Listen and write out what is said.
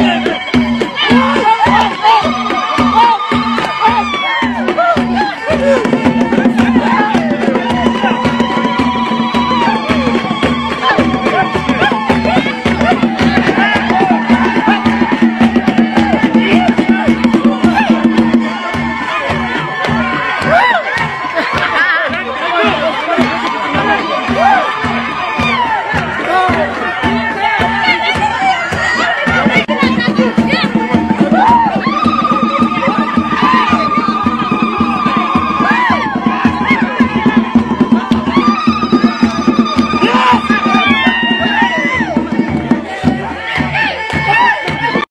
Yeah.